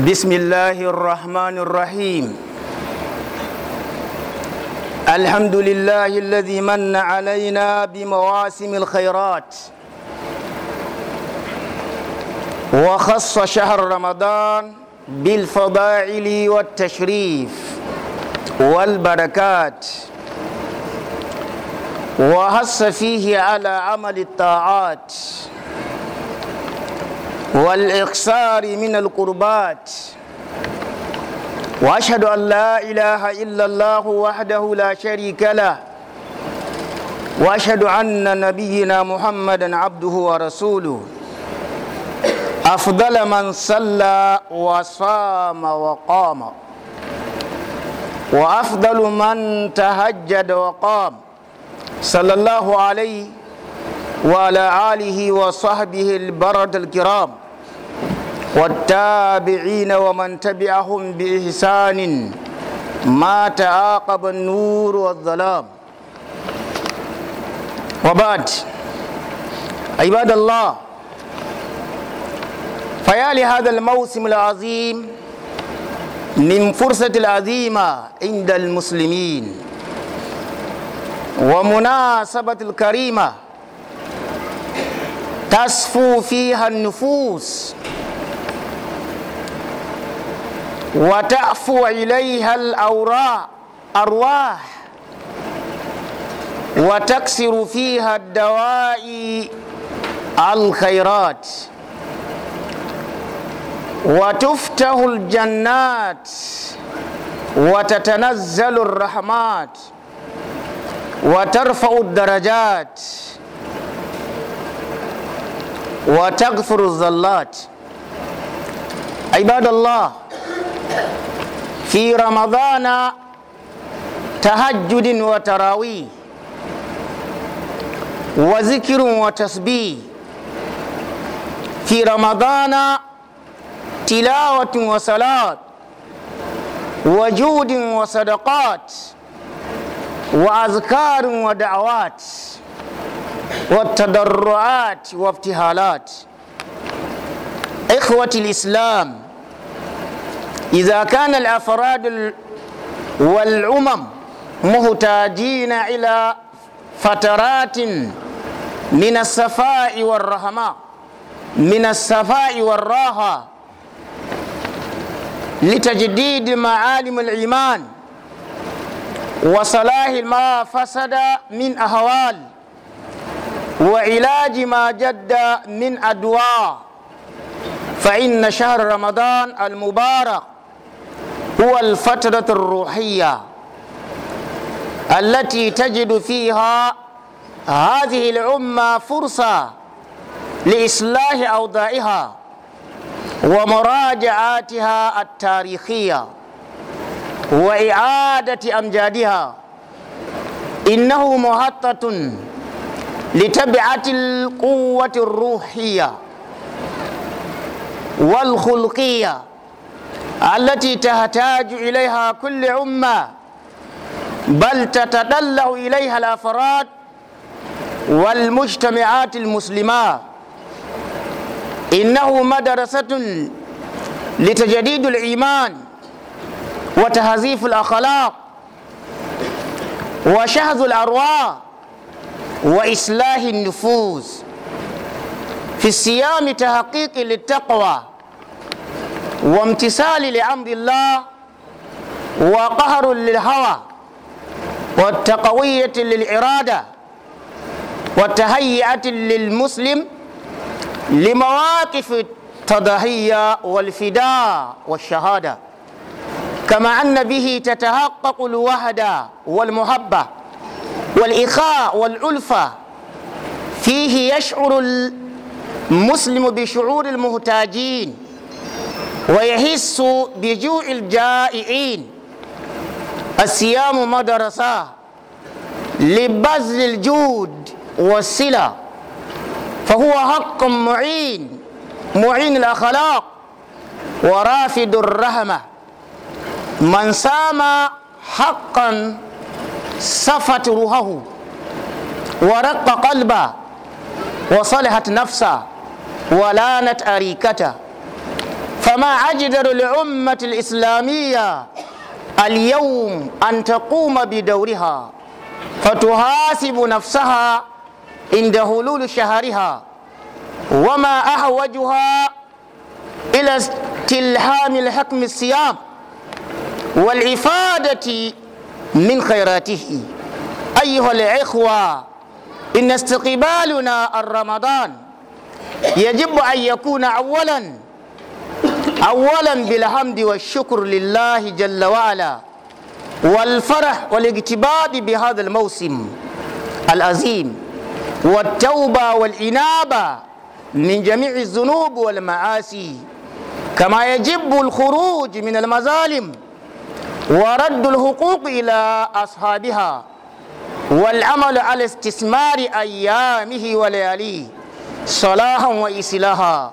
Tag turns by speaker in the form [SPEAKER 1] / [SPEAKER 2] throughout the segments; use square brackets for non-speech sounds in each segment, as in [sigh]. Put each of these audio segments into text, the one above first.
[SPEAKER 1] بسم الله الرحمن الرحيم الحمد لله الذي من علينا بمواسم الخيرات وخص شهر رمضان بالفضائل والتشريف والبركات وحث فيه على عمل الطاعات والإقصار من القربات وأشهد أن لا إله إلا الله وحده لا شريك له وأشهد أن نبينا محمدا عبده ورسوله أفضل من صلى وصام وقام وأفضل من تهجد وقام صلى الله عليه وعلى آله وصحبه البرد الكرام والتابعين ومن تبعهم بإحسان ما تعاقب النور والظلام وبعد عباد الله فيا لهذا الموسم العظيم من فرصة العظيمة عند المسلمين ومناسبة الكريمة تصفو فيها النفوس وتأفو إليها الأوراء أرواح وتكسر فيها الدوائي الخيرات وتفتح الجنات وتتنزل الرحمات وترفع الدرجات وتغفر الظلات عباد الله في رمضان تهجد وتراوي وذكر وتسبيح في رمضان تلاوة وصلاة وجود وصدقات وأذكار ودعوات والتضرعات وابتهالات إخوة الإسلام إذا كان الأفراد والأمم مهتاجين إلى فترات من الصفاء والرحمة من الصفاء والراحة لتجديد معالم الإيمان وصلاح ما فسد من أهوال وعلاج ما جد من أدواء فإن شهر رمضان المبارك هو الفترة الروحية التي تجد فيها هذه الأمة فرصة لإصلاح أوضاعها ومراجعاتها التاريخية وإعادة أمجادها إنه مهطة لتبعة القوة الروحية والخلقية التي تحتاج إليها كل أمة بل تتدلع إليها الأفراد والمجتمعات المسلمة إنه مدرسة لتجديد الإيمان وتهذيف الأخلاق وشهد الأرواح وإصلاح النفوس في الصيام تحقيق للتقوى وامتثال لامر الله وقهر للهوى وتقوية للإرادة وتهيئة للمسلم لمواقف التضحية والفداء والشهادة كما أن به تتحقق الوحدة والمحبة والإخاء والألفة فيه يشعر المسلم بشعور المحتاجين ويحس بجوع الجائعين الصيام مدرسة لبذل الجود والصلة فهو حق معين معين الأخلاق ورافد الرحمة من سام حقا صفت روحه ورق قلبه وصلحت نفسه ولانت أريكته فما عجدر الأمة الإسلامية اليوم أن تقوم بدورها فتحاسب نفسها عند هلول شهرها وما أحوجها إلى استلهام الحكم الصيام والإفادة من خيراته أيها الإخوة إن استقبالنا الرمضان يجب أن يكون أولاً أولا بالحمد والشكر لله جل وعلا والفرح والاقتباد بهذا الموسم العظيم والتوبة والإنابة من جميع الذنوب والمعاصي كما يجب الخروج من المظالم ورد الحقوق إلى أصحابها
[SPEAKER 2] والعمل
[SPEAKER 1] على استثمار أيامه ولياليه صلاحا وإصلاحا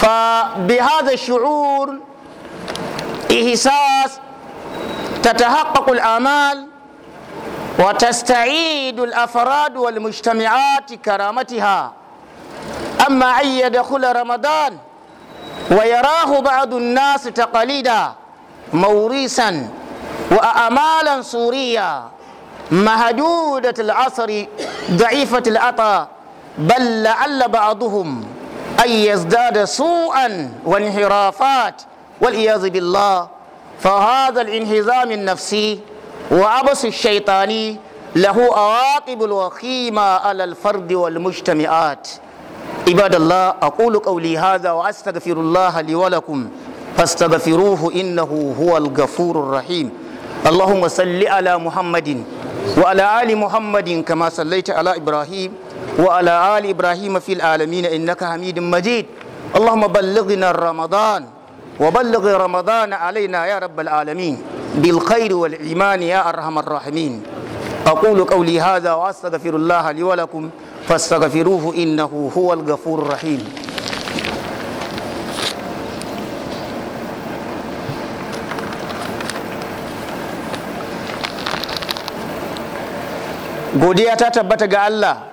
[SPEAKER 1] فبهذا الشعور إحساس تتحقق الآمال وتستعيد الأفراد والمجتمعات كرامتها أما أن يدخل رمضان ويراه بعض الناس تقاليدا موريسا وأمالا سوريا مهدودة العصر ضعيفة العطا بل لعل بعضهم أن يزداد سوءا وانحرافات والعياذ بالله فهذا الانهزام النفسي وعبث الشيطاني له عواقب وخيمة على الفرد والمجتمعات عباد الله أقول قولي هذا وأستغفر الله لي ولكم فاستغفروه إنه هو الغفور الرحيم اللهم صل على محمد وعلى آل محمد كما صليت على إبراهيم وعلى آل إبراهيم في العالمين إنك حميد مجيد اللهم بلغنا رمضان وبلغ رمضان علينا يا رب العالمين بالخير والإيمان يا أرحم الراحمين أقول قولي هذا وأستغفر الله لي ولكم فاستغفروه إنه هو الغفور الرحيم godiya ta tabbata ga Allah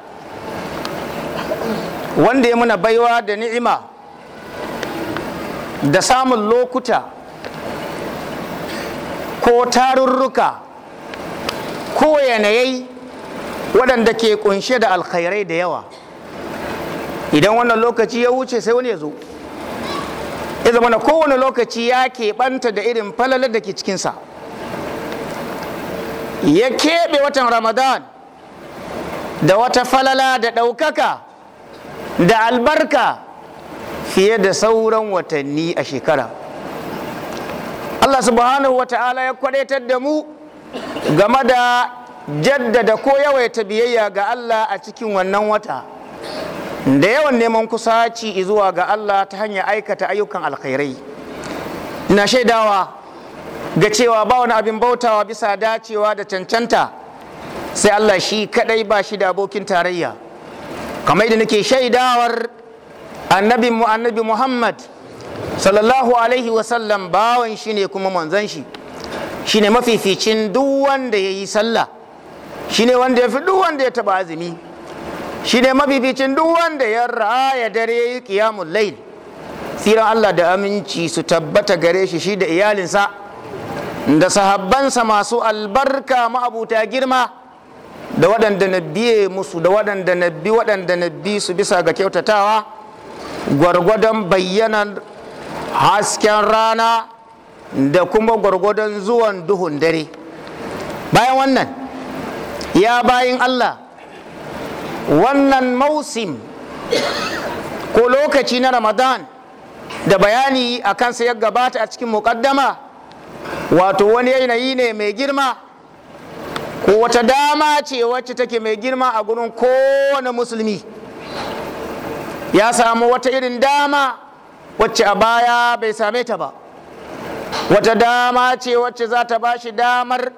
[SPEAKER 1] wanda ya muna baiwa da ni'ima da samun lokuta ko tarurruka ko yanayi waɗanda ke kunshe da alkhairai da yawa idan wannan lokaci ya wuce sai wani ya zo ya zama na kowane lokaci ya keɓanta da irin falalar da ke cikinsa ya keɓe watan ramadan da wata falala da ɗaukaka da albarka fiye da sauran watanni a shekara Allah subhanahu wata'ala ya kwadaitar da mu game da jaddada ko yawaita biyayya ga Allah a cikin wannan wata da yawan neman kusaci zuwa ga Allah ta hanyar aikata ayyukan alkhairai ina shaidawa ga cewa ba wani abin bautawa bisa dacewa da cancanta sai Allah shi kadai ba shi da abokin tarayya kamar da nake shaidawar annabi mu annabi muhammad sallallahu alaihi wasallam bawan shi ne kuma manzon shi shi ne mafificin duk wanda ya yi sallah shi ne wanda ya fi duk wanda ya taba azumi shi ne mafificin duk wanda ya raya dare ya yi kiyamun lail tsiran allah da aminci su tabbata gare shi shi da iyalinsa da sahabbansa masu albarka ma'abuta girma da waɗanda na biye musu da waɗanda na bi waɗanda na bi su bisa ga kyautatawa gwargwadon bayyanar hasken rana da kuma gwargwadon zuwan duhun dare bayan wannan ya bayin Allah wannan mausim ko lokaci na ramadan da bayani a kansa ya gabata a cikin muƙaddama wato wani yanayi ne mai girma ko wata dama ce wacce take mai girma a gurin kowane musulmi ya samu wata irin dama wacce a baya bai same ta ba wata dama ce wacce za ta bashi damar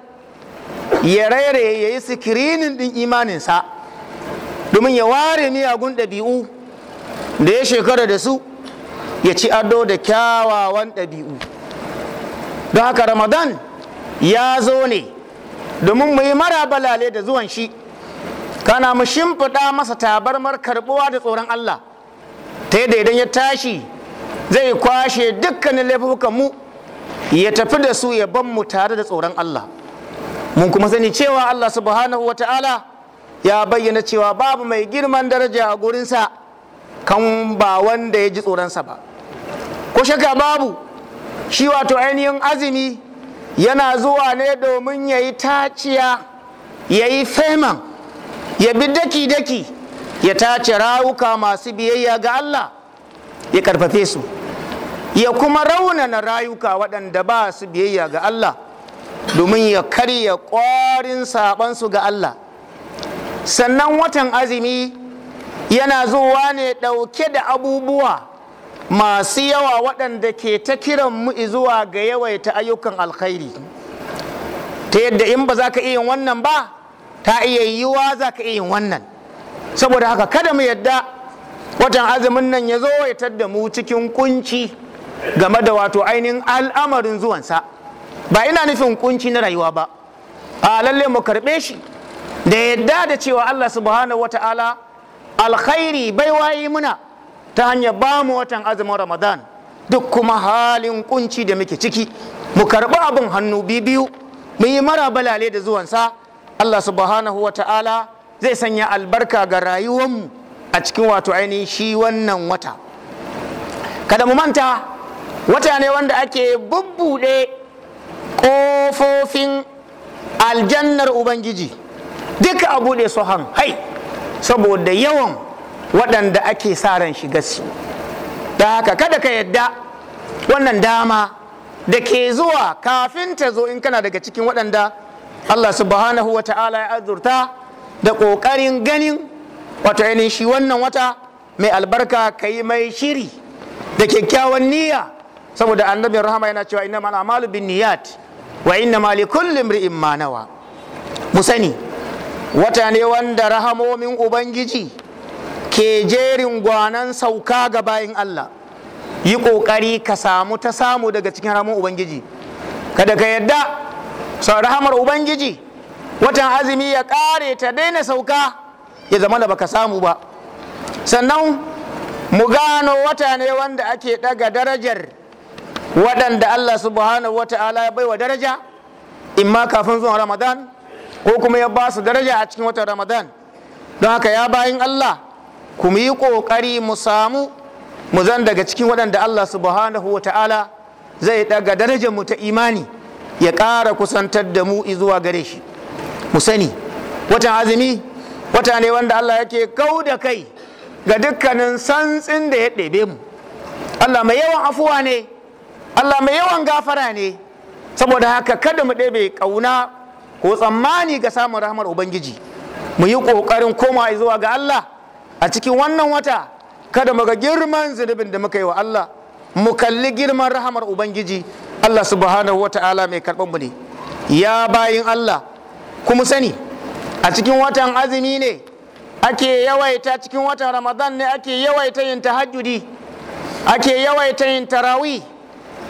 [SPEAKER 1] ya raira ya yi sikirinin ɗin imaninsa domin ya ware miyagun ɗabi'u da ya shekara da su ya ci ado da kyawawan ɗabi'u don haka ramadan ya zo ne domin mu yi mara balale da zuwan shi kana mu shimfiɗa masa tabarmar karɓuwa da tsoron Allah ta yadda idan ya tashi zai kwashe dukkanin laifukan mu ya tafi da su ya ban mu tare da tsoron Allah mun kuma sani cewa Allah subhanahu wa ta'ala ya bayyana cewa babu mai girman daraja a gurinsa kan ba wanda ya ji tsoronsa ba ko shaka babu shi wato ainihin azumi yana zuwa ne domin ya yi taciya ya yi feman ya bi daki-daki ya tace rawuka masu biyayya ga Allah ya karfafe su ya kuma raunana rayuka waɗanda ba su biyayya ga Allah domin ya karya ƙwarin saɓansu ga Allah sannan watan azumi yana zuwa ne ɗauke da abubuwa masu yawa waɗanda ke ta kiran mu zuwa ga yawaita ayyukan alkhairi ta yadda in ba za ka iya yin wannan ba ta iya yiwuwa za ka iya yin wannan saboda haka kada mu yadda watan azumin nan ya zo ya tadda mu cikin kunci game da wato ainihin al'amarin zuwansa ba ina nufin kunci na rayuwa ba a lalle mu karɓe shi da yadda da cewa Allah subhanahu wata'ala alkhairi bai wayi muna ta hanyar ba mu watan azumin ramadan duk kuma halin kunci da muke ciki mu karɓi abin hannu biyu mu yi mara balale da zuwansa allah subhanahu wa ta'ala zai sanya albarka ga rayuwanmu a cikin wato ainihin shi wannan wata kada mu manta wata ne wanda ake bubbuɗe ƙofofin aljannar ubangiji duka a buɗe su han hai saboda yawan waɗanda ake sa ran shiga su Da haka kada ka yadda wannan dama da ke zuwa kafin ta zo in kana daga cikin waɗanda Allah subhanahu wa ta'ala ya azurta da ƙoƙarin ganin wato ainihin shi wannan wata mai albarka ka yi mai shiri da kyakkyawan niyya saboda annabin rahama yana cewa ina mana amalu bin niyyat wa inna ma likulli imrin ma nawa mu sani wata ne wanda rahamomin ubangiji ke jerin gwanan sauka ga bayin Allah yi ƙoƙari ka samu ta samu daga cikin ramar ubangiji kada ka yadda sau rahamar ubangiji watan azumi ya ƙare ta daina sauka ya zama da baka samu ba sannan mu gano wata ne wanda ake ɗaga darajar waɗanda Allah subhanahu wa ta'ala ya baiwa daraja in ma kafin zuwa ramadan ko kuma ya ba su daraja a cikin watan ramadan don haka ya bayin Allah ku yi ƙoƙari mu samu mu zan daga cikin waɗanda Allah subhanahu wa ta'ala zai ɗaga darajar mu ta imani ya ƙara kusantar da mu zuwa gare shi mu sani wata azumi wata ne wanda Allah yake kau da kai ga dukkanin santsin da ya ɗebe mu Allah mai yawan afuwa ne Allah mai yawan gafara ne saboda haka kada mu ɗebe ƙauna ko tsammani ga samun rahmar ubangiji mu yi ƙoƙarin koma zuwa ga Allah a cikin wannan wata kada muga girman zunubin da muka yi wa Allah mu kalli girman rahamar ubangiji Allah subhanahu wata'ala mai karɓar mu ne ya bayin Allah kuma sani a cikin watan azumi ne ake yawaita cikin watan ramadan ne ake yawaita yin tahajjudi ake yawaita yin tarawi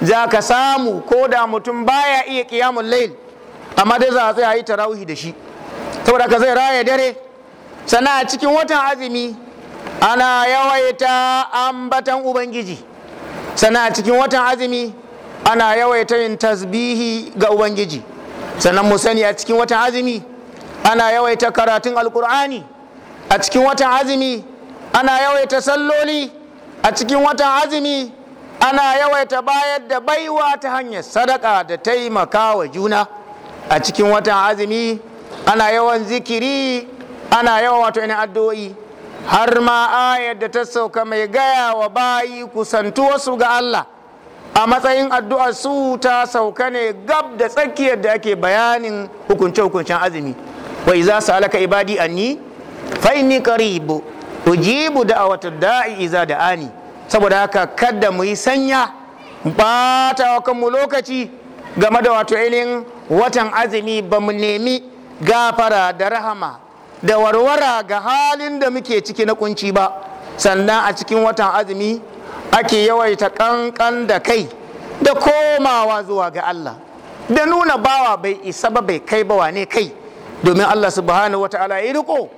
[SPEAKER 1] za ka samu ko da mutum baya iya kiyamun lail amma dai za a tsaya yi tarawih da shi saboda ka zai raya dare sana a cikin watan azumi ana yawaita ambatan ubangiji sana cikin watan azumi ana yawaita yin tasbihi ga ubangiji sannan mu sani a cikin watan azumi ana yawaita karatun alkur'ani a cikin watan azumi ana yawaita salloli a cikin watan azumi ana yawaita bayar da baiwa ta hanyar sadaka da taimaka wa juna a cikin watan azumi ana yawan zikiri ana yawa wato ina addu'o'i har ma ayar da ta sauka mai gaya wa bayi kusantu wasu ga Allah a matsayin addu'a su ta sauka ne gab da tsakiyar da ake bayanin hukunce-hukuncen azumi wa iza salaka ibadi anni fa inni qaribu ujibu da'awatad da'i iza da'ani saboda haka kada mu yi sanya bata wa kanmu lokaci game da wato ainihin watan azumi ba mu nemi gafara da rahama da warwara ga halin da muke ciki na kunci ba sannan a cikin watan azumi ake yawaita kankan da kai da komawa zuwa ga Allah da nuna bawa bai isa ba bai kai ba wane kai domin Allah subhanahu wata'ala ya riko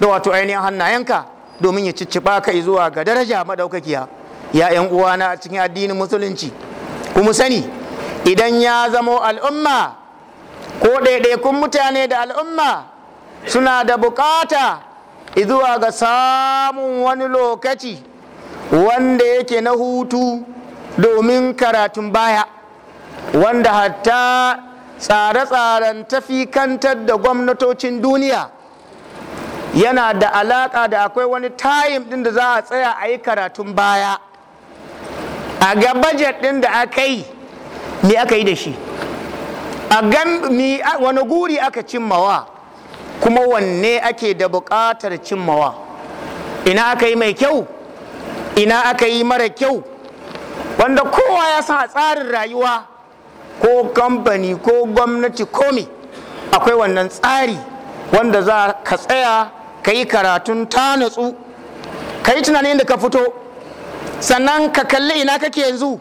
[SPEAKER 1] da wato ainihin hannayenka domin ya cicciba kai zuwa ga daraja madaukakiya ya yan uwana a cikin addinin musulunci kuma sani idan ya zamo al'umma ko ɗaiɗaikun mutane da al'umma suna da bukata zuwa ga samun wani lokaci wanda yake na hutu domin karatun baya wanda hatta tsare-tsaren tafi kantar da gwamnatocin duniya yana da alaƙa da akwai wani tayim ɗin da za a tsaya a yi karatun baya a ga bajet ɗin da aka yi me aka yi da shi a wani guri aka cimmawa kuma wanne ake da buƙatar cimmawa ina aka yi mai kyau ina aka yi mara kyau wanda kowa ya san a tsarin rayuwa ko kamfani ko gwamnati komi akwai wannan tsari wanda za ka tsaya ka yi karatun ta natsu ka yi tunanin da ka fito sannan ka kalli ina kake yanzu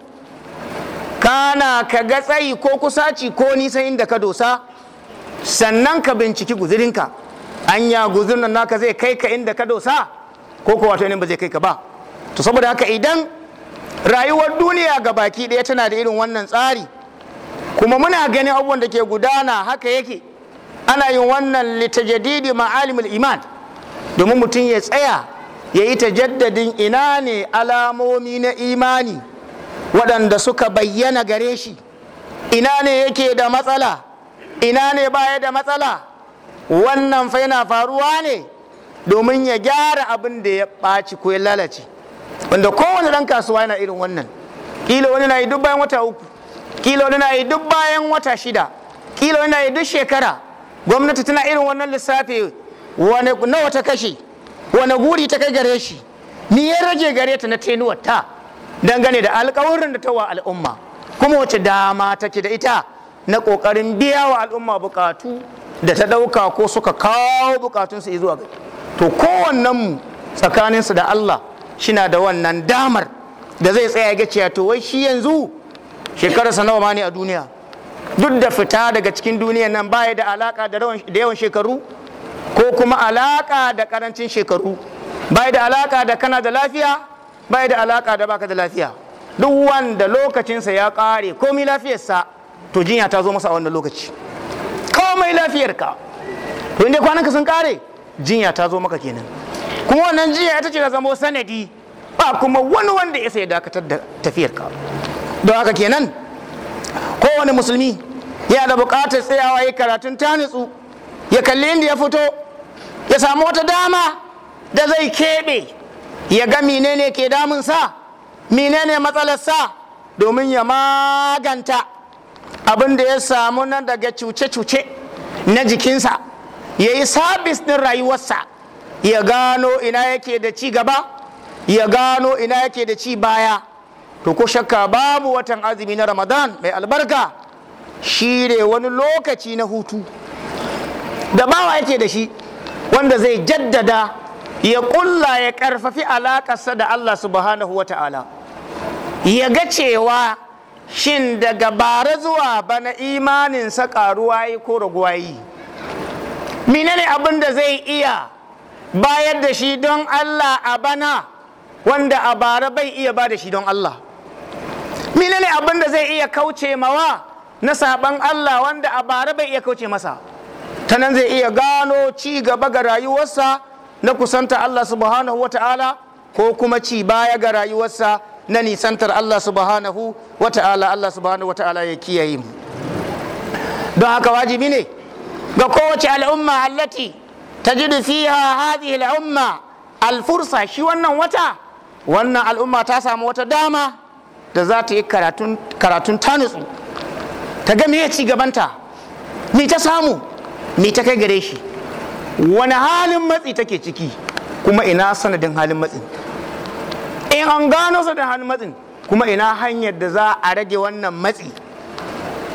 [SPEAKER 1] kana ka ga tsayi ko kusaci ko nisan inda ka dosa sannan ka binciki guzurinka anya guzurin naka zai kai ka inda ka dosa ko ko wato ba zai kai ka ba to saboda haka idan rayuwar duniya ga baki ɗaya tana da irin wannan tsari kuma muna ganin abubuwan da ke gudana haka yake ana yin wannan litajadidi ma'alimul iman domin mutum ya tsaya ya yi tajaddadin ina ne alamomi na imani waɗanda suka bayyana gare shi ina ne yake da matsala ina ne baya da matsala wannan fa yana faruwa ne domin ya gyara abin da ya ɓaci ko ya lalace wanda kowane ɗan kasuwa yana irin wannan kila wani na yi duk bayan wata uku kila wani na yi duk bayan wata shida kila wani na yi duk shekara gwamnati tana irin wannan lissafi wani nawa ta kashe wani guri ta kai gare shi ni ya rage gare ta na tenuwar ta dangane da alkawarin da ta wa al'umma kuma wace dama take da ita na ƙoƙarin biya wa al'umma buƙatu da ta ɗauka ko suka kawo buƙatunsu zuwa gari to kowannen mu tsakaninsu da Allah shi na da wannan damar da zai tsaya ga cewa to wai shi yanzu shekararsa nawa ma ne a duniya duk da fita daga cikin duniya nan baya da alaka da yawan shekaru ko kuma alaka da karancin shekaru baya da alaka da kana da lafiya baya da alaka da baka da lafiya duk wanda lokacinsa ya kare komi lafiyarsa to jinya ta zo masa a wannan lokaci komai lafiyarka to inda ka sun kare jinya ta zo maka kenan kuma wannan jinya ita ce ta zama sanadi ba kuma wani wanda ya sai dakatar da tafiyarka don haka kenan kowane musulmi yana da buƙatar tsayawa ya karatun ta nutsu ya kalli inda ya fito ya samu wata dama da zai keɓe ya ga menene ke damunsa menene matsalarsa domin ya maganta abin da ya samu na daga cuce-cuce na jikinsa ya yi sabis din rayuwarsa ya gano ina yake da ci gaba ya gano ina yake da ci baya to ko shakka babu watan azumi na ramadan mai albarka shi ne wani lokaci na hutu da bawa yake da shi wanda zai jaddada ya kulla ya karfafi alaƙarsa da allah subhanahu wa ta'ala ya ga cewa shin daga bara zuwa bana imanin ƙaruwa yi ko raguwa yi menene abin da zai iya bayar da shi don Allah a bana wanda a bara bai iya ba da shi don Allah menene abin da zai iya kauce mawa na saban Allah wanda a bara bai iya kauce masa ta nan zai iya gano ci gaba ga rayuwarsa na kusanta Allah subhanahu wa ta'ala ko kuma ci baya ga rayuwarsa na nisantar Allah subhanahu wa ta'ala Allah subhanahu wa ta'ala ya kiyaye mu don haka wajibi ne ga kowace al'umma allati tajidu fiha hadhihi al'umma al-fursa shi wannan wata wannan al'umma ta samu wata dama da za ta yi karatun karatun ta nutsu ta ga me ci gabanta me ta samu me ta kai gare shi wani halin matsi take ciki kuma ina sanadin halin matsi in eh, an gano sa da hannun matsin kuma ina hanyar da za a rage wannan matsi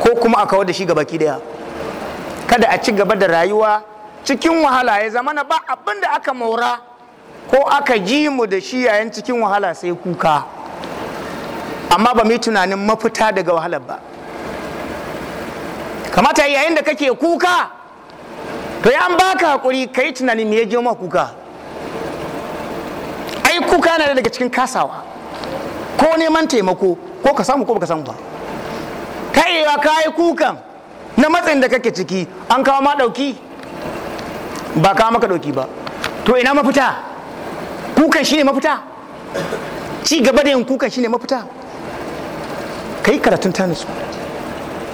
[SPEAKER 1] ko kuma a kawar da shi gabaki daya kada a ci gaba da rayuwa cikin wahala ya zama na ba abin da aka maura ko aka ji mu da shi yayin cikin wahala sai kuka amma ba mu yi tunanin mafita daga wahalar ba kamata yayin da kake kuka to ya an baka hakuri ka yi tunanin me ya je kuka kuka yana daga cikin kasawa ko neman taimako ko ka samu ko baka samu ba kaiwa ka yi kukan na matsayin da kake ciki an kawo ma ɗauki ba kawo maka ɗauki ba to ina mafita kukan shine mafita ci gaba da yin kukan shine mafita ka yi karatun tanisu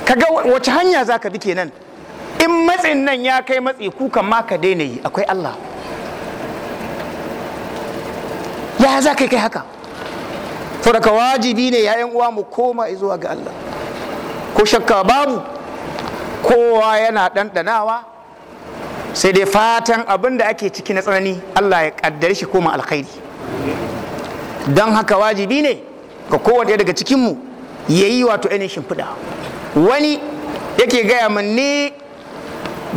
[SPEAKER 1] ka ga wace hanya za ka bi kenan in matsin nan ya kai matsi kukan ma ka daina yi akwai allah ya za kai kai haka saboda wajibi ne yayan uwa mu koma zuwa ga Allah ko shakka babu kowa yana ɗanɗanawa sai dai fatan abin da ake ciki na tsanani Allah ya ƙaddare shi koma alkhairi don haka wajibi ne ga kowane daga cikinmu ya yi wato ainihin shimfiɗa wani yake gaya min ni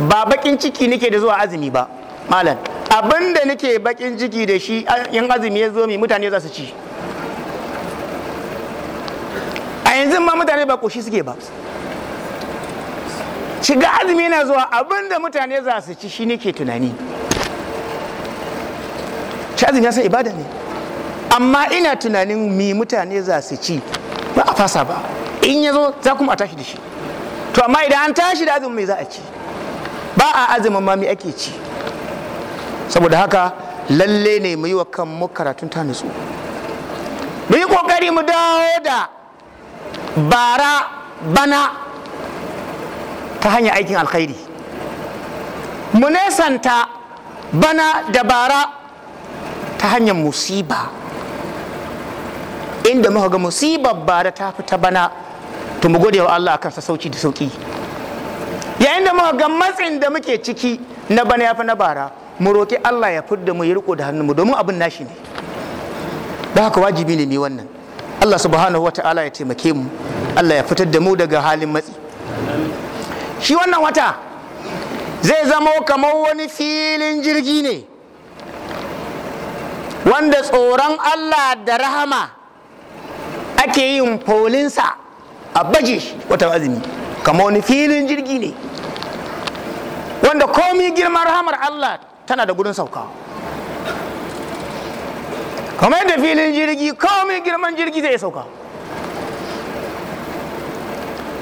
[SPEAKER 1] ba baƙin ciki nake da zuwa azumi ba malam abin da nake bakin ciki da shi in azumi ya zo mi mutane za su ci a yanzu ma mutane ba koshi suke ba shiga azumi yana zuwa abin da mutane za su ci shi nake tunani shi azumi ya san ibada ne amma ina tunanin mi mutane za su ci ba a fasa ba in ya zo za kuma a tashi da shi to amma idan an tashi da azumi mai za a ci ba a azumin ma me ake ci saboda haka lalle ne mu yi wa kanmu karatun ta nutsu mu yi kokari mu dawo da bara bana ta hanyar aikin alkhairi mu nesanta bana da bara ta hanyar musiba inda muka ga musibar bara ta fi ta bana to mu gode wa Allah akan sauki da sauki yayin da muka ga matsin da muke ciki na bana ya fi na bara mu roƙi Allah ya fudda mu ya riko da hannunmu domin abin nashi ne da haka wajibi ne mu wannan Allah subhanahu wa ta'ala ya taimake mu Allah ya fitar da mu daga halin matsi shi wannan wata zai zama kamar wani filin jirgi ne wanda tsoron Allah da rahama ake yin folinsa a baje shi wata azumi kamar wani filin jirgi ne wanda komi girman rahamar Allah tana da gudun sauka kamar da filin jirgi kawai girman jirgi zai sauka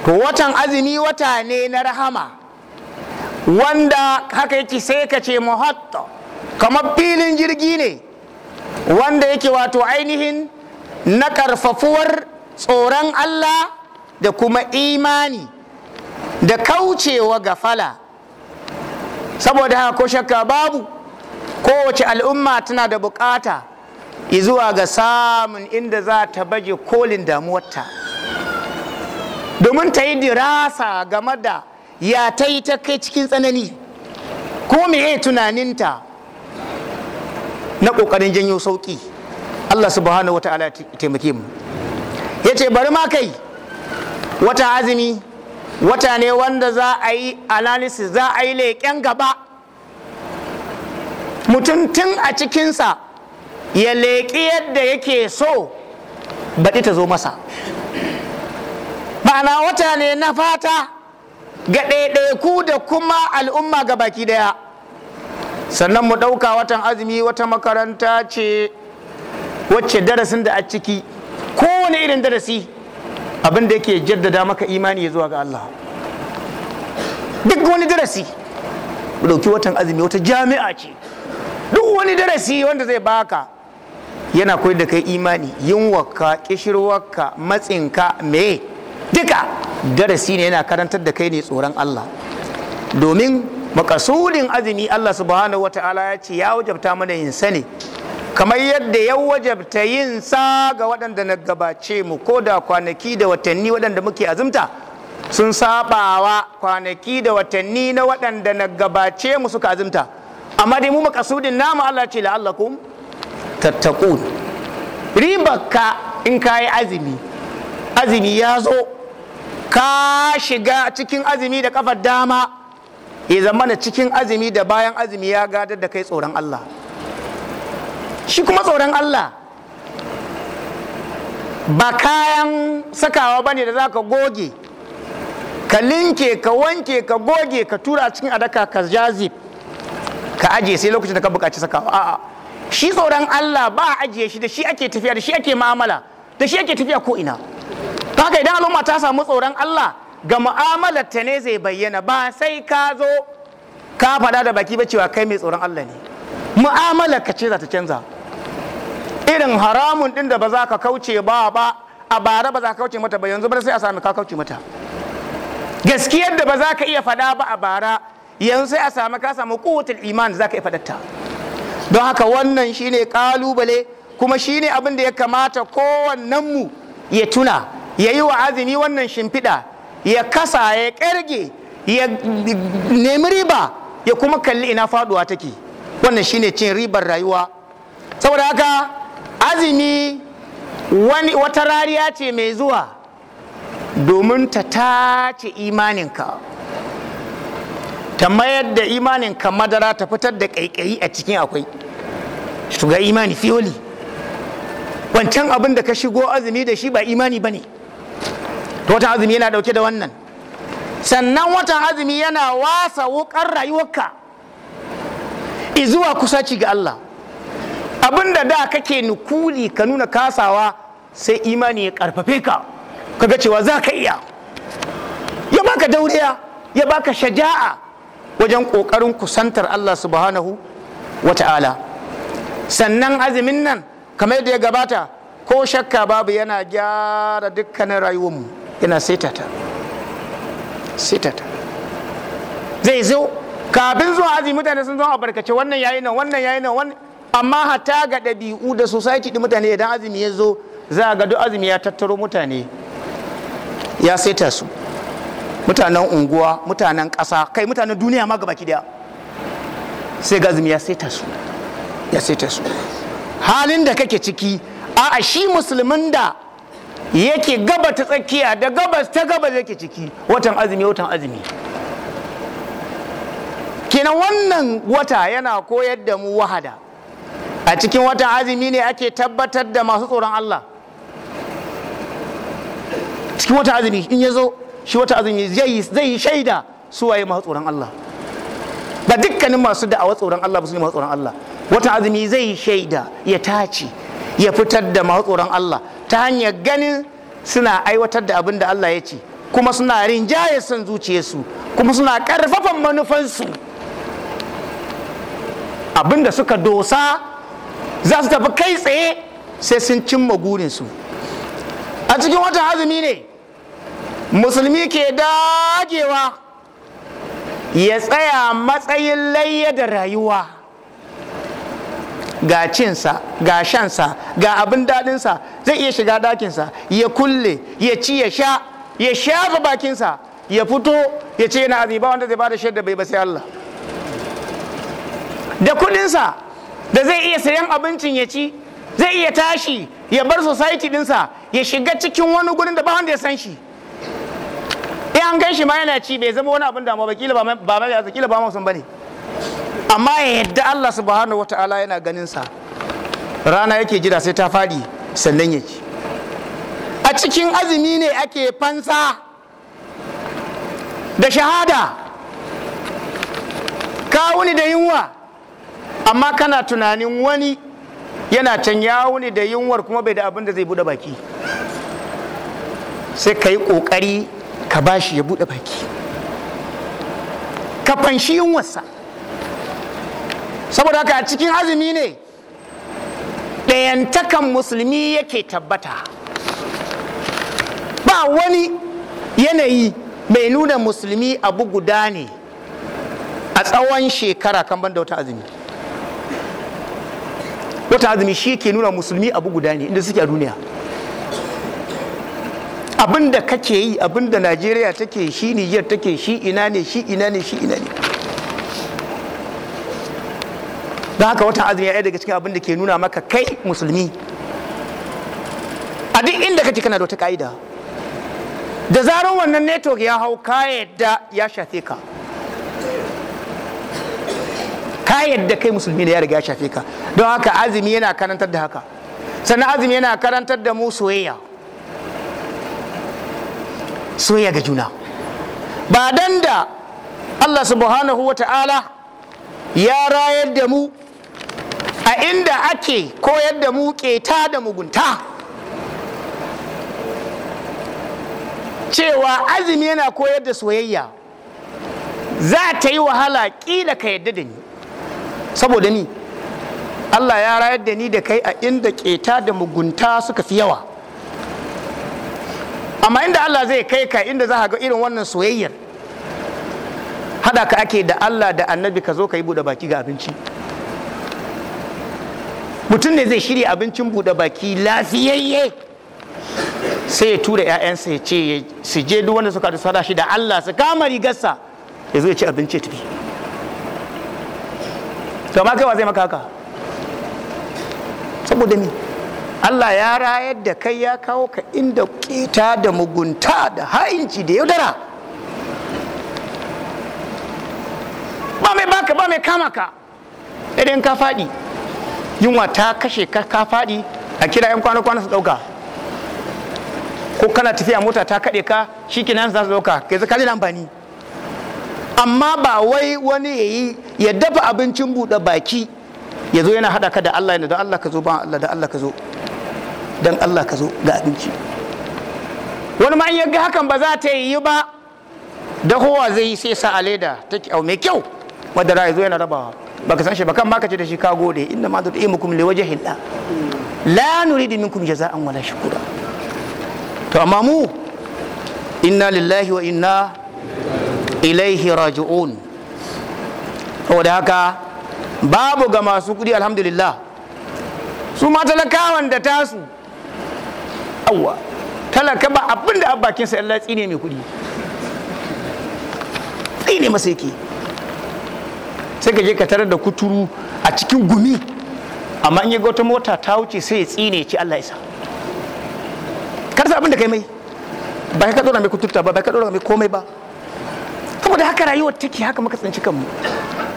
[SPEAKER 1] to watan azumi wata ne na rahama wanda haka yake sai ka ce mahatta kamar filin jirgi ne wanda yake wato ainihin na karfafuwar tsoron allah da kuma imani da kaucewa gafala saboda haka ko shakka babu kowace al'umma tana da bukata zuwa ga samun inda za ta baje kolin damuwarta domin ta yi dirasa game da ya ta yi ta kai cikin tsanani ko me tunaninta na ƙoƙarin janyo sauki Allah subhanahu wa ta'ala taimake mu ya ce bari ma kai wata azumi wata ne wanda za a yi analysis za a yi leƙen gaba mutum tun a cikinsa ya leƙi yadda yake so baɗi ta zo masa ma'ana wata ne na fata ga ɗaiɗaiku da kuma al'umma ga baki ɗaya sannan mu ɗauka watan azumi wata makaranta ce wacce darasin da a ciki kowane irin darasi abin da yake jaddada maka imani ya zuwa ga Allah duk wani darasi dauki watan azumi wata jami'a ce duk wani darasi wanda zai baka yana koyar da kai imani yunwarka matsin matsinka me duka darasi ne yana karantar da kai ne tsoron Allah domin makasudin azumi Allah subhanahu wata'ala ya ce ya wajabta mana yin sani kamar yadda ya wajabta yin sa ga waɗanda na gabace mu ko da kwanaki da watanni waɗanda muke azumta sun sabawa kwanaki da watanni na waɗanda na gabace mu suka azumta amma dai mu makasudin namu Allah ce la'allakum tattaqun ka in kayi azumi azumi ya zo ka shiga cikin azumi da kafar dama ya zama cikin azumi da bayan azumi ya gadar da kai tsoron Allah shi kuma tsoron Allah ba kayan sakawa bane da za ka goge ka linke ka wanke ka goge ka tura cikin adaka ka jazib ka aje sai lokacin da ka buƙaci sakawa a'a shi tsoron Allah ba a ajiye shi da shi ake tafiya da shi ake ma'amala da shi ake tafiya ko ina haka idan al'umma ta samu tsoron Allah ga mu'amalar ta ne zai bayyana ba sai ka zo ka faɗa da baki ba cewa kai mai tsoron Allah ne Mu'amala ka ce za ta canza irin haramun din da ba za ka kauce ba ba a bara ba za ka kauce mata ba yanzu ba sai a sami ka kauce mata gaskiyar da ba za ka iya faɗa ba a bara yanzu sai a sami ka samu kowatar iman da za ka iya fadatta don haka wannan shine kalubale kuma shine abin da ya kamata mu ya tuna ya yi wa azumi wannan shimfiɗa ya kasa ya ƙirge ya nemi riba ya kuma kalli ina faɗuwa take wannan shine cin ribar rayuwa saboda haka azumi wani wata rariya ce mai zuwa domin ta tace imaninka ta mayar da imaninka madara ta fitar da ƙaiƙayi a cikin akwai shiga imani fiyoli wancan abin da ka shigo azumi da shi ba imani ba ne watan azumi yana dauke da wannan sannan watan azumi yana wasa wukar rayuwarka izuwa kusaci ga Allah abin da da kake nukuli ka nuna kasawa sai imani ya karfafe ka kaga cewa za ka iya ya baka dauriya ya baka shaja'a wajen kokarin kusantar Allah subhanahu wa ta'ala sannan azumin nan kamar yadda ya gabata ko shakka babu yana gyara dukkanin rayuwarmu yana setata setata zai zo kafin zuwa azumi mutane sun zama a barkace wannan yayi nan wannan yayi nan wannan amma hata ga ɗabi'u da society ɗin mutane idan azumi ya zo za ga duk azumi ya tattaro mutane ya saita su mutanen unguwa mutanen ƙasa kai mutanen duniya ma gaba kidiya sai ga azumi ya saita su ya saita su halin da kake ciki a shi musulmin da yake gaba ta tsakiya da gabas ta gabas yake ciki watan azumi watan azumi kenan wannan wata yana koyar da mu wahada a cikin watan azumi ne ake tabbatar da masu tsoron Allah cikin watan azumi in ya zo shi watan azumi zai yi shaida su waye masu tsoron Allah ba dukkanin masu da'awa tsoron Allah ba su ne masu tsoron Allah watan azumi zai yi shaida ya tace ya fitar da masu tsoron Allah ta hanyar ganin suna aiwatar da abin da Allah ya ce kuma suna rinjaye son zuciyarsu kuma suna ƙarfafan manufansu abin da suka dosa za su tafi kai tsaye sai sun cimma su. a cikin watan azumi ne musulmi ke dagewa ya tsaya matsayin layya da rayuwa ga cinsa ga shansa ga abin daɗinsa zai iya shiga dakinsa ya kulle ya ci ya sha ya shafa bakinsa ya fito ya ce yana ba wanda zai ba da shaidar bai ba sai Allah da kudinsa da zai iya sayan abincin ya ci zai iya tashi ya bar society dinsa ya shiga cikin wani gurin da ba wanda ya san shi in an gan shi ma yana ci bai zama wani abin damuwa ba kila ba mai ba kila ba musun bane amma ya yadda Allah subhanahu wataala yana ganin sa rana yake jira sai ta fadi sannan ya ci a cikin azumi ne ake fansa da shahada kawuni da yunwa amma kana tunanin wani yana can yawo wuni da yunwar kuma bai da abin da zai bude baki sai ka yi ƙoƙari ka bashi ya bude baki ka fanshi yunwarsa saboda haka a cikin azumi ne ɗayantakan musulmi yake tabbata ba wani yanayi mai nuna musulmi abu guda ne a tsawon shekara kan banda wata azumi wata azumi shi ke nuna musulmi abu guda ne inda suke a duniya abin da kake yi abin da najeriya take shi niger take shi ina ne shi ina ne shi ina ne don haka wata azumi ya daga cikin abin da ke nuna maka kai musulmi a duk inda kake kana da wata ka'ida da zarar wannan network ya hau ka yadda ya shafe ka ka yadda kai musulmi ne ya riga shafe ka don haka azumi yana karantar da haka sannan azumi yana karantar da mu soyayya soyayya ga juna ba dan da Allah subhanahu wa ta'ala ya rayar da mu a inda ake koyar da mu keta da mugunta cewa azumi yana koyar da soyayya za ta yi wahala kila ka yadda da ni saboda ni Allah ya rayar da ni da kai a inda keta da mugunta suka fi yawa amma inda Allah zai kai ka inda za ga irin wannan soyayyar hada ka ake da Allah da annabi ka zo ka yi buɗe baki ga abinci mutum ne zai shirya abincin buɗe baki lafiyayye sai ya tura 'ya'yansa ya ce su je duk wanda suka da shi da Allah su kama rigarsa ya zo ya ci abinci ya tafi to amma kai wa zai maka haka saboda me Allah ya rayar da kai ya kawo ka inda kita da mugunta da ha'inci da yaudara ba mai baka ba mai kama ka idan ka faɗi yunwa ta kashe ka ka faɗi a kira 'yan kwana-kwana su ɗauka ko kana tafiya mota ta kaɗe ka shi kinan za su ɗauka kai zaka amfani amma ba wai wani ya yi ya dafa abincin buɗe baki ya zo yana haɗa ka da Allah yana don Allah ka zo ba Allah da Allah ka zo don Allah ka zo ga abinci wani ma in ya ga hakan ba za ta yi ba dahowa zai yi sai sa a leda ta kyau mai kyau madara ya zo yana rabawa Ba ka san shi ba kan maka ce da shi ka gode inda ma zai mukum waje wajhi la la nuridu minkum jaza'an wala shukura to amma mu inna lillahi wa inna ilaihi raji'un da haka babu ga masu kudi alhamdulillah su ma talakawan da tasu awwa talaka ba abin da sa Allah tsine mai kudi tsine masa yake sai ka je ka tarar da kuturu a cikin gumi amma in ya ga wata mota ta wuce sai ya tsine ci Allah isa kar abin da kai mai ba ka dora mai kuturta ba ba ka dora mai komai ba saboda haka rayuwar take haka maka tsinci kanmu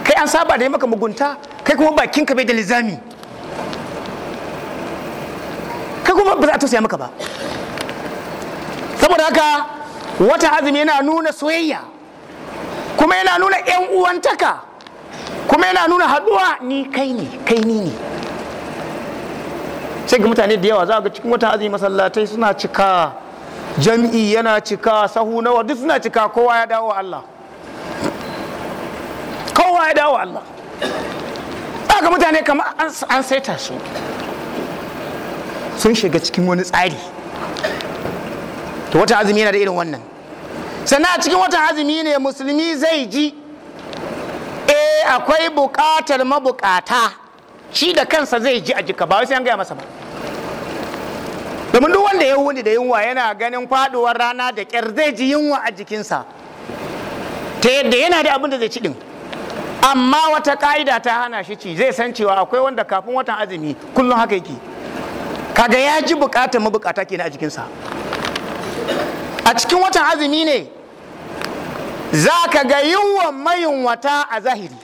[SPEAKER 1] kai an saba da yi maka mugunta kai kuma bakin ka bai da lizami kai kuma ba za a tausaya maka ba saboda haka wata azumi yana nuna soyayya kuma yana nuna yan uwantaka kuma yana nuna haɗuwa ni kai ne kai ni ne sai ga mutane da yawa za ga cikin wata azumi masallatai suna cika jam'i yana cika sahu nawa duk suna cika kowa ya dawo Allah kowa ya dawo Allah ga mutane kamar an saita su sun shiga cikin wani tsari to wata azumi yana da irin wannan sannan a cikin watan azumi ne musulmi zai ji eh akwai bukatar mabukata shi da kansa zai ji a jika ba wai sai an gaya masa ba domin duk wanda ya wuni da yunwa yana ganin faduwar rana da kyar zai ji yunwa a jikinsa ta yadda yana da abin da zai ci din amma wata ka'ida ta hana shi ci zai san cewa akwai wanda kafin watan azumi kullum haka yake kaga ya ji bukatar mabukata kenan a jikinsa a cikin watan azumi ne za ka ga yunwan mayunwata a zahiri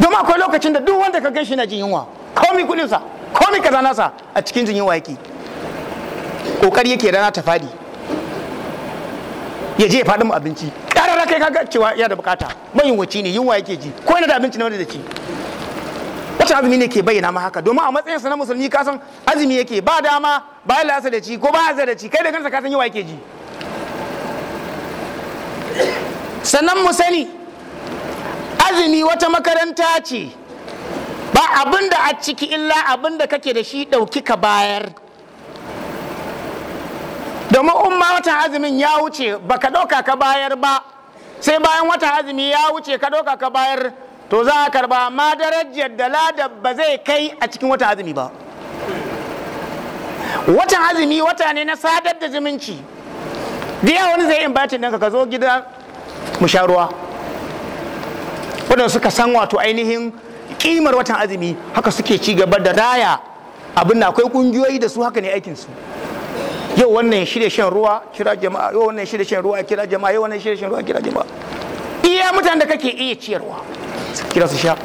[SPEAKER 1] domin akwai lokacin da duk wanda ka gan shi na jin yunwa komi kudinsa komi kaza nasa a cikin jin yawa yake kokari yake rana ta fadi ya je ya faɗi mu abinci ƙarara kai kaga cewa ya da bukata mayunwaci ne yunwa yake ji ko yana da abinci na wanda da ci wata azumi ne ke bayyana ma haka domin a matsayin sa na musulmi ka san azumi yake ba dama ba ya lasa da ci ko ba ya da ci kai da kansa ka san yunwa yake ji sannan mu sani azumi wata makaranta ce ba abin da a ciki illa abin da kake da shi ɗauki ka bayar domin umma watan azumin ya wuce baka ɗauka ka bayar ba sai bayan watan azumi ya wuce ka ɗauka ka bayar to za a karba ma darajar da ladar ba zai kai a cikin watan azumi ba watan azumi wata ne na sadar da zumunci diya wani zai in bacin ɗanka ka zo gida mu sha ruwa waɗanda suka san wato ainihin kimar watan azumi haka suke ci gaba da raya abin da akwai kungiyoyi da su haka ne aikin su yau wannan shirya shan ruwa kira jama'a yau wannan shirya shan ruwa kira jama'a yau wannan shirya shan ruwa kira jama'a iya mutanen da kake iya ciyarwa kira su sha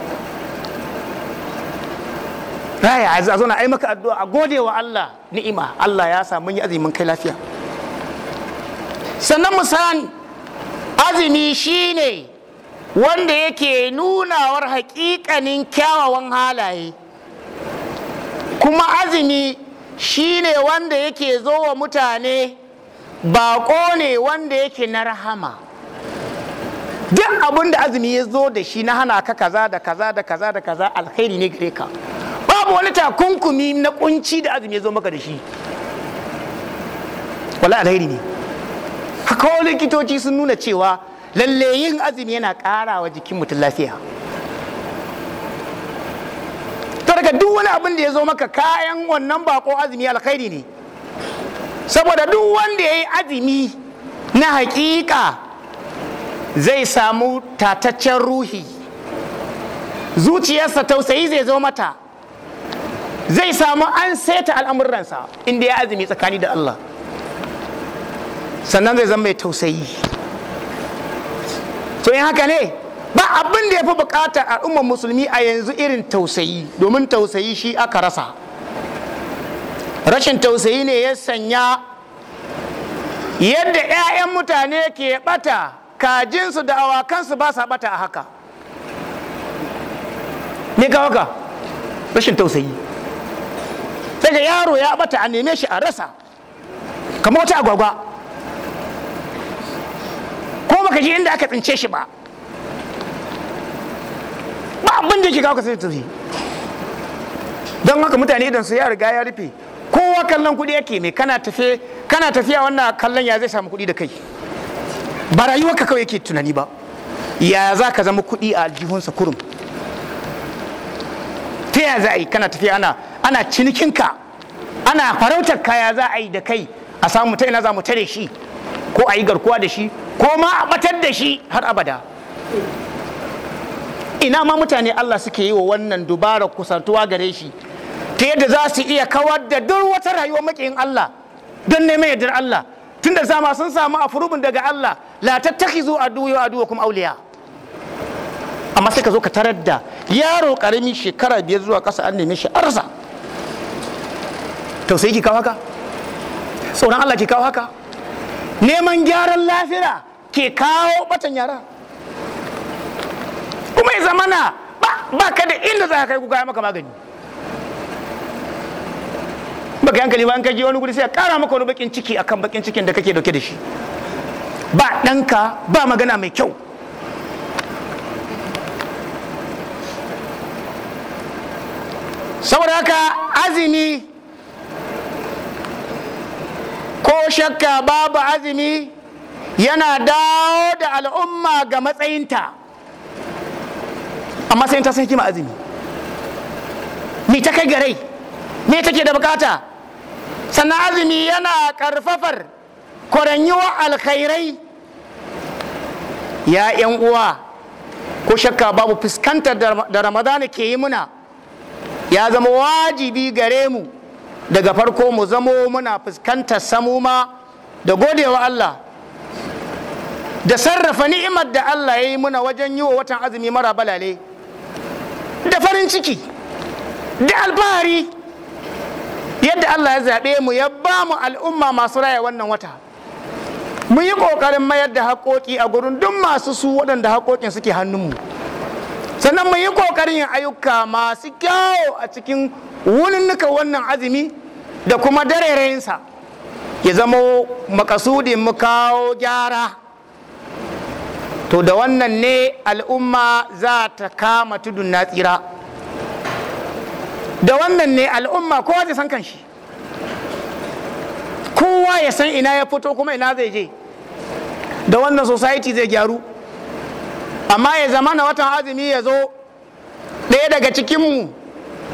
[SPEAKER 1] raya a zauna ai maka addu'a a gode wa Allah ni'ima Allah ya sa mun yi azumin kai lafiya sannan musan azumi shine wanda yake nunawar haƙiƙanin kyawawan halaye kuma azumi shine wanda yake zo wa mutane baƙo ne wanda yake na rahama duk abin da azumi ya zo da shi na hana ka kaza da kaza da kaza da kaza alkhairi ne gare ka babu wani takunkumi na kunci da azumi ya zo maka da shi wala alkhairi ne haka likitoci sun nuna cewa lalle yin azumi yana ƙara wa jikin mutum lafiya ta daga duk wani abin da ya zo maka kayan wannan bako azumi alkhairi ne saboda duk wanda ya yi azumi na hakika zai samu tataccen ruhi zuciyarsa tausayi zai zo mata zai samu an seta al'amuransa inda ya azumi tsakani da Allah sannan zai zama mai tausayi to yin haka ne ba abin da ya fi bukatar al'ummar musulmi a yanzu irin tausayi domin tausayi shi aka rasa rashin tausayi ne ya sanya yadda 'ya'yan mutane ke bata kajinsu da awakansu ba sa bata a haka ne ga haka rashin tausayi daga yaro ya bata a neme shi a rasa kamar wata agwagwa ko baka je inda aka tsince shi ba ba abin da ke kawo ka sai tafi don haka mutane idan su ya riga ya rufe kowa kallon kuɗi yake mai kana tafe kana tafiya wannan kallon ya zai samu kuɗi da kai ba rayuwar ka kawai yake tunani ba ya za ka zama kuɗi a aljihunsa kurum ta ya za yi kana tafiya ana ana cinikinka ana farautar kaya za yi da kai a samu ta ina za mu tare shi ko a yi garkuwa da shi ko ma a batar da shi har abada ina ma mutane Allah suke yi wa wannan dubara kusantuwa gare shi ta yadda za su iya kawar da duk wata rayuwar makiyin Allah don neman yardar Allah tun da zama sun samu furubin daga Allah la a duwa a duwa kuma auliya amma sai ka zo ka tarar da yaro karami shekara biyar zuwa ƙasa an neme shi arsa tausayi ki kawo haka tsoron Allah ki kawo haka neman gyaran lafiya ke kawo batan yara kuma ya zamana ba ka da inda za ka kai kuka maka magani baka yankali ba an kaji wani guri sai a kara maka wani bakin ciki akan bakin cikin da kake dauke da shi ba ɗanka ba magana mai kyau saboda haka azumi shakka babu azumi yana dawo da al'umma ga matsayinta amma sai ta san hikima azumi me ta kai garai me take da bukata sannan azumi yana karfafar kwaranyuwa alkhairai ya yan uwa ko shakka babu fuskantar da ramadana ke yi muna ya zama wajibi gare mu daga farko mu zamo muna fuskantar samuma da godewa Allah da sarrafa ni'imar da Allah ya yi muna wajen yi wa watan azumi mara balale da farin ciki da alfahari yadda Allah ya zaɓe mu ya ba mu al'umma masu raya wannan wata mu yi ƙoƙarin mayar da haƙoƙi a gurin duk masu su waɗanda haƙoƙin suke hannunmu sannan mu yi ƙoƙarin yin ayyuka masu kyawo a cikin wunin nuka wannan azumi da kuma darerayinsa ya zama makasudin mu kawo gyara to da wannan ne al'umma za ta kama tudun na tsira da wannan ne al'umma kowa zai san kanshi kowa ya san ina ya fito kuma ina zai je da wannan society zai gyaru amma ya zama na watan azumi ya zo ɗaya daga cikinmu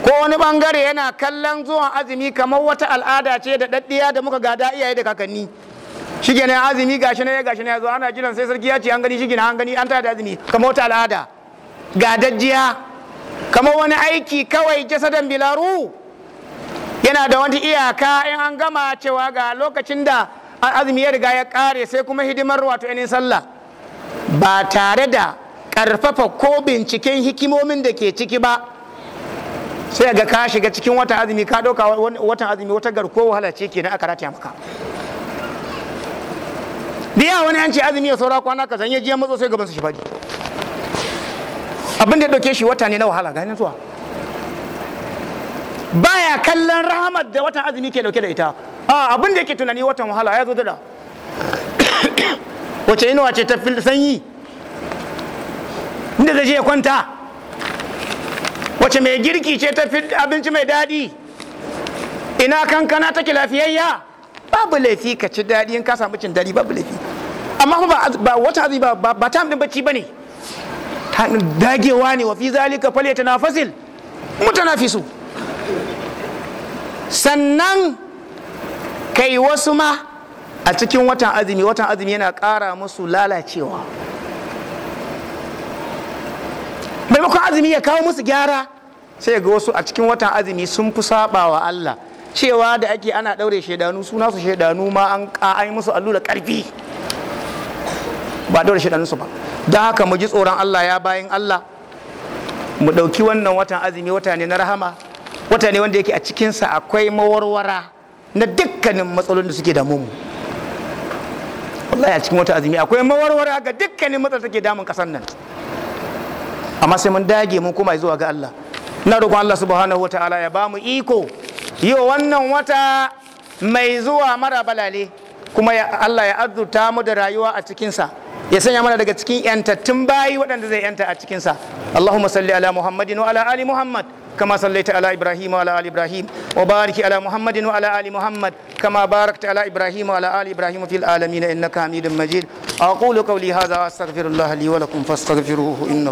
[SPEAKER 1] ko wani bangare yana kallon zuwan azumi kamar wata al'ada ce da daddiya da muka gada iyaye da kakanni shi ne azumi gashi na ya gashi na ya ana jiran sai sarki ya ce an gani shi an gani an tada azumi kamar wata al'ada gadajjiya kamar wani aiki kawai jasadan bilaru yana da wani iyaka in an gama cewa ga lokacin da azumi ya riga ya kare sai kuma hidimar wato yanin sallah ba tare da karfafa ko binciken hikimomin da ke ciki ba sai ga ka shiga cikin watan azumi ka ɗauka watan azumi wata garko wahala ce kenan aka rataya maka Biya wani an ce azumi ya saura kwana ka zanye jiya matso sai gaban su shi fadi abin da ya ɗauke shi wata ne na wahala ganin zuwa baya kallon rahamar da watan azumi ke dauke da ita a abin da yake tunani watan wahala ya zo da [coughs] wace inuwa ce ta sanyi inda zai je ya kwanta wace mai girki ce ta fi abinci mai daɗi ina kankana take lafiyayya babu laifi ka ci daɗi in ka samu cin daɗi babu laifi amma ba wata azumi ba ba ta din bacci bane dagewa ne wa fi zalika na fi su. sannan kai wasu ma a cikin watan azumi watan azumi yana ƙara musu lalacewa maimakon azumi ya kawo musu gyara sai ga wasu a cikin watan azumi sun fi wa Allah cewa da ake ana ɗaure shaidanu suna su shaidanu ma an an musu allura ƙarfi. ba ɗaure shaidanu su ba don haka mu ji tsoron Allah ya bayan Allah mu ɗauki wannan watan azumi wata ne na rahama wata ne wanda yake a cikinsa akwai mawarwara na dukkanin matsalolin da suke damu mu wallahi a cikin wata azumi akwai mawarwara ga dukkanin da suke damun kasar nan amma sai mun dage mun koma zuwa ga Allah na roƙon Allah subhanahu wa ta'ala ya bamu iko yi wannan wata mai zuwa mara balale kuma ya Allah ya azurta mu da rayuwa a cikinsa ya sanya mana daga cikin yantattun bayi waɗanda zai yanta a cikinsa Allahumma salli ala Muhammadin wa ala ali Muhammad كما صليت على ابراهيم وعلى ال ابراهيم وبارك على محمد وعلى ال محمد كما باركت على ابراهيم وعلى ال ابراهيم في العالمين انك حميد مجيد اقول قولي هذا واستغفر الله لي ولكم فاستغفروه انه